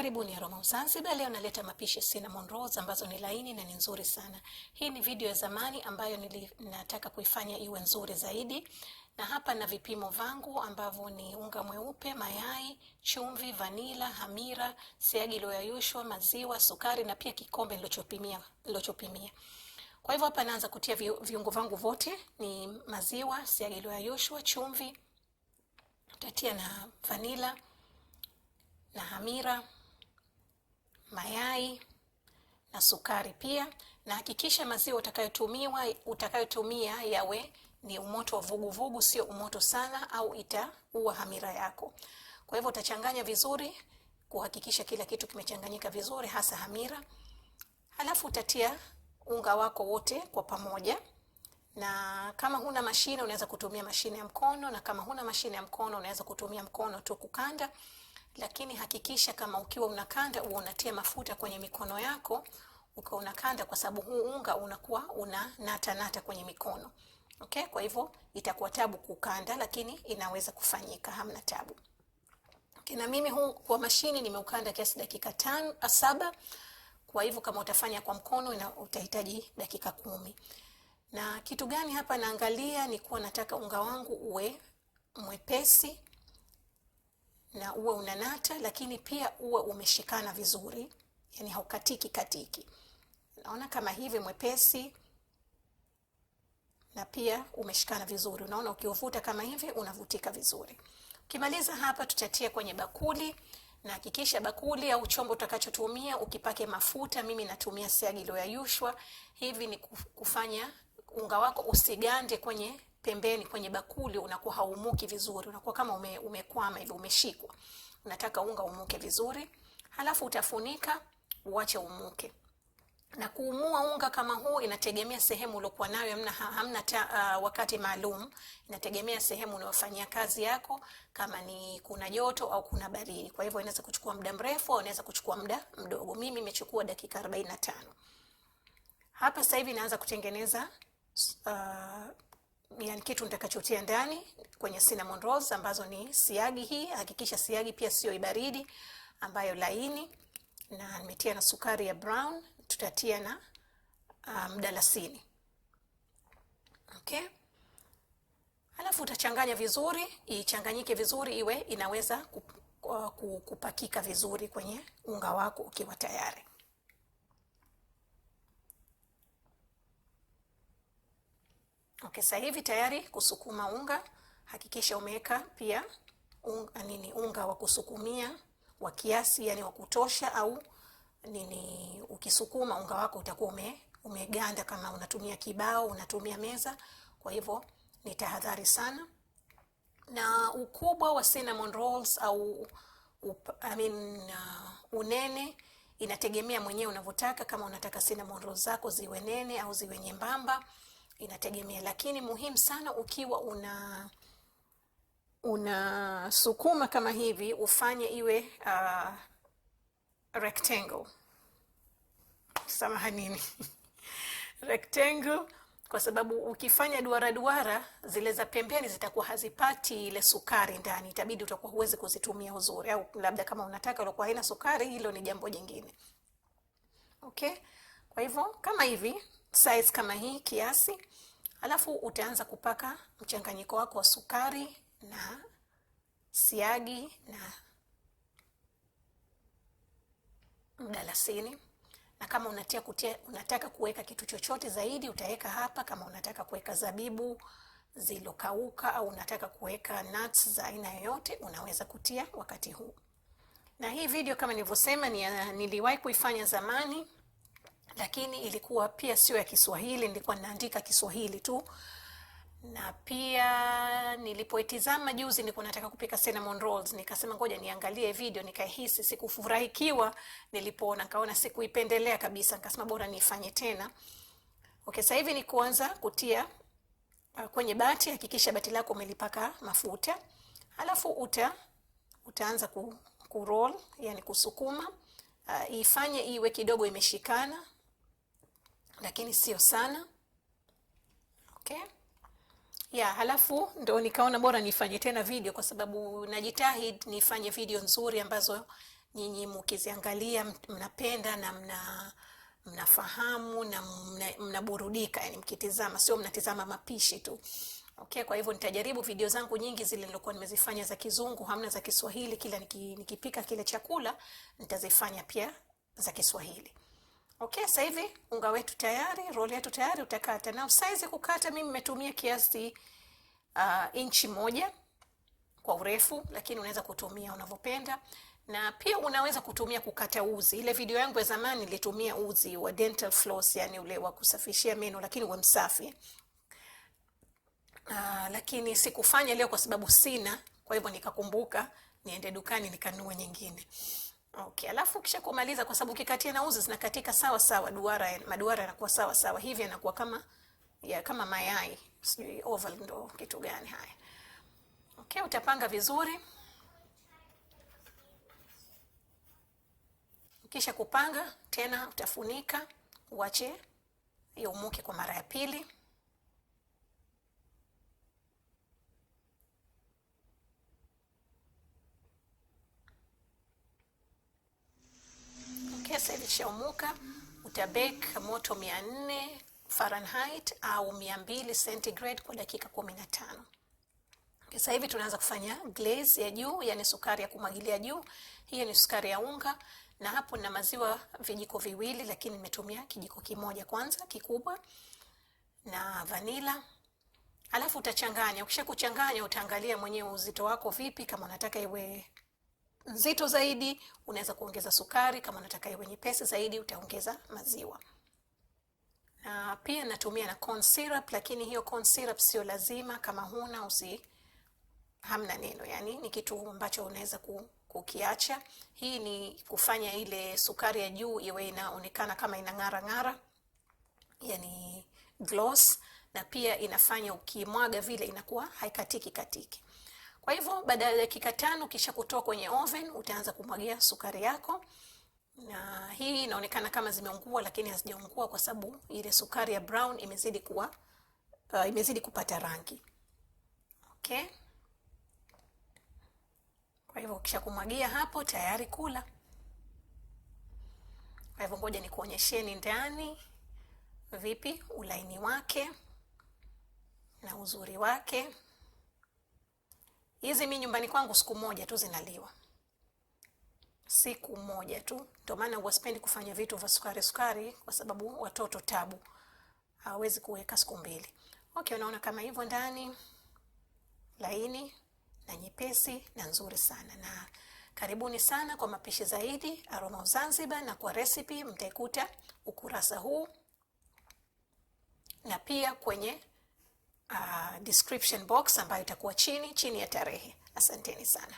Karibuni Aroma Zanzibar. Leo naleta mapishi ya cinnamon rolls ambazo ni laini na ni nzuri sana. Hii ni video ya zamani ambayo nataka kuifanya iwe nzuri zaidi, na hapa na vipimo vangu ambavyo ni unga mweupe, mayai, chumvi, vanila, hamira, siagi iliyoyayushwa, maziwa, sukari na pia kikombe nilichopimia nilichopimia. Kwa hivyo hapa naanza kutia viungo vangu vote, ni maziwa, siagi iliyoyayushwa, chumvi, tatia na vanila na hamira mayai na sukari pia, na hakikisha maziwa utakayotumia utakayotumia yawe ni umoto wa vuguvugu, sio umoto sana, au itaua hamira yako. Kwa hivyo utachanganya vizuri kuhakikisha kila kitu kimechanganyika vizuri, hasa hamira. Halafu utatia unga wako wote kwa pamoja, na kama huna mashine unaweza kutumia mashine ya mkono, na kama huna mashine ya mkono unaweza kutumia mkono tu kukanda lakini hakikisha kama ukiwa unakanda uwe unatia mafuta kwenye mikono yako ukiwa unakanda, kwa sababu huu unga unakuwa una nata nata kwenye mikono okay. Kwa hivyo itakuwa tabu kukanda, lakini inaweza kufanyika, hamna tabu okay. Na mimi huu kwa mashini nimeukanda kiasi dakika tano saba, kwa hivyo kama utafanya kwa mkono ina, utahitaji dakika kumi. Na kitu gani hapa naangalia ni kuwa nataka unga wangu uwe mwepesi na uwe unanata, lakini pia uwe umeshikana vizuri, yani haukatiki katiki. Naona kama hivi mwepesi na pia umeshikana vizuri. Unaona, ukiuvuta kama hivi unavutika vizuri. Ukimaliza hapa, tutatia kwenye bakuli na hakikisha bakuli au chombo utakachotumia ukipake mafuta. Mimi natumia siagi iliyoyayushwa. Hivi ni kufanya unga wako usigande kwenye pembeni kwenye bakuli unakuwa haumuki vizuri, unakuwa kama ume, umekwama hivi umeshikwa. Unataka unga umuke vizuri, halafu utafunika uache umuke. Na kuumua unga kama huu inategemea sehemu uliokuwa nayo, hamna, hamna ta, uh, wakati maalum. Inategemea sehemu unayofanyia kazi yako, kama ni kuna joto au kuna baridi. Kwa hivyo inaweza kuchukua muda mrefu au inaweza kuchukua muda mdogo. Mimi nimechukua dakika 45. Hapa sasa hivi naanza kutengeneza uh, yani kitu nitakachotia ndani kwenye cinnamon rolls ambazo ni siagi hii. Hakikisha siagi pia sio ibaridi, ambayo laini, na nimetia na sukari ya brown, tutatia na ah, mdalasini um, okay. Alafu utachanganya vizuri, ichanganyike vizuri, iwe inaweza kupakika vizuri kwenye unga wako ukiwa tayari. Okay, sasa hivi tayari kusukuma unga, hakikisha umeweka pia unga, nini unga wa kusukumia wa kiasi, yani wa kutosha, au nini. Ukisukuma unga wako utakuwa ume, umeganda. Kama unatumia kibao, unatumia meza, kwa hivyo ni tahadhari sana. Na ukubwa wa cinnamon rolls au up, I mean, uh, unene inategemea mwenyewe unavyotaka. Kama unataka cinnamon rolls zako ziwe nene au ziwe nyembamba inategemea, lakini muhimu sana ukiwa una unasukuma kama hivi, ufanye iwe uh, rectangle. Samahanini, rectangle kwa sababu ukifanya duara duara zile za pembeni zitakuwa hazipati ile sukari ndani, itabidi utakuwa huwezi kuzitumia uzuri, au labda kama unataka ulakuwa haina sukari, hilo ni jambo jingine. Okay, kwa hivyo kama hivi size kama hii kiasi, alafu utaanza kupaka mchanganyiko wako wa sukari na siagi na mdalasini na kama unatia kutia, unataka kuweka kitu chochote zaidi utaweka hapa. Kama unataka kuweka zabibu zilokauka au unataka kuweka nuts za aina yoyote unaweza kutia wakati huu. Na hii video kama nilivyosema, niliwahi kuifanya zamani lakini ilikuwa pia sio ya Kiswahili, nilikuwa ninaandika Kiswahili tu. Na pia nilipoitizama juzi, nilikuwa nataka kupika cinnamon rolls, nikasema ngoja niangalie video, nikahisi sikufurahikiwa nilipoona, nkaona sikuipendelea kabisa, nikasema bora niifanye tena. Okay, sasa hivi ni kuanza kutia uh, kwenye bati. Hakikisha bati lako umelipaka mafuta, alafu uta utaanza ku, ku roll, yani kusukuma. Uh, ifanye iwe kidogo imeshikana lakini sio sana okay. Ya, halafu ndo nikaona bora nifanye tena video kwa sababu najitahid nifanye video nzuri ambazo nyinyi mukiziangalia mnapenda na mna mnafahamu na mnaburudika yani, mkitizama sio mnatizama mapishi tu okay. Kwa hivyo nitajaribu video zangu nyingi zile nilokuwa nimezifanya za kizungu hamna za Kiswahili, kila nikipika kile chakula nitazifanya pia za Kiswahili. Okay, sasa hivi unga wetu tayari, roli yetu tayari, utakata. Na size kukata mimi nimetumia kiasi uh, inchi moja kwa urefu, lakini unaweza kutumia unavyopenda. Na pia unaweza kutumia kukata uzi. Ile video yangu ya zamani nilitumia uzi wa dental floss, yani ule wa kusafishia meno lakini uwe msafi. Uh, lakini sikufanya leo kwa sababu sina, kwa hivyo nikakumbuka niende dukani nikanunue nyingine. Okay, alafu kisha kumaliza kwa sababu ukikatia na uzi zinakatika sawa sawa, duara maduara yanakuwa sawa sawa, hivi yanakuwa kama ya kama mayai, sijui oval ndo kitu gani haya. Okay, utapanga vizuri. kisha kupanga tena utafunika uache yaumuke kwa mara ya pili. sasa hivi chaumuka, utabek moto 400 Fahrenheit au 200 centigrade kwa dakika 15. Sasa hivi tunaanza kufanya glaze ya juu, yani sukari ya kumwagilia juu. Hiyo ni sukari ya unga, na hapo na maziwa vijiko viwili, lakini nimetumia kijiko kimoja kwanza kikubwa, na vanila Alafu utachanganya. Ukisha kuchanganya, utaangalia mwenyewe uzito wako vipi, kama unataka iwe nzito zaidi unaweza kuongeza sukari. Kama unataka iwe nyepesi zaidi utaongeza maziwa. Na pia natumia na corn syrup, lakini hiyo corn syrup sio lazima. Kama huna usi, hamna neno, yani ni kitu ambacho unaweza ku kukiacha. Hii ni kufanya ile sukari ya juu iwe inaonekana kama ina ng'ara, yani gloss, na pia inafanya ukimwaga vile inakuwa haikatiki katiki. Kwa hivyo baada ya dakika tano kisha kutoa kwenye oven, utaanza kumwagia sukari yako, na hii inaonekana kama zimeungua, lakini hazijaungua kwa sababu ile sukari ya brown imezidi kuwa uh, imezidi kupata rangi okay. Kwa hivyo kisha kumwagia hapo, tayari kula. Kwa hivyo ngoja nikuonyesheni ndani vipi ulaini wake na uzuri wake. Hizi mi nyumbani kwangu siku moja tu zinaliwa, siku moja tu. Ndio maana uwaspendi kufanya vitu vya sukari sukari, kwa sababu watoto tabu, hawawezi kuweka siku mbili. Okay, unaona kama hivyo ndani laini na nyepesi na nzuri sana. Na karibuni sana kwa mapishi zaidi Aroma of Zanzibar, na kwa recipe mtaikuta ukurasa huu na pia kwenye uh, description box ambayo itakuwa chini chini ya tarehe. Asanteni sana.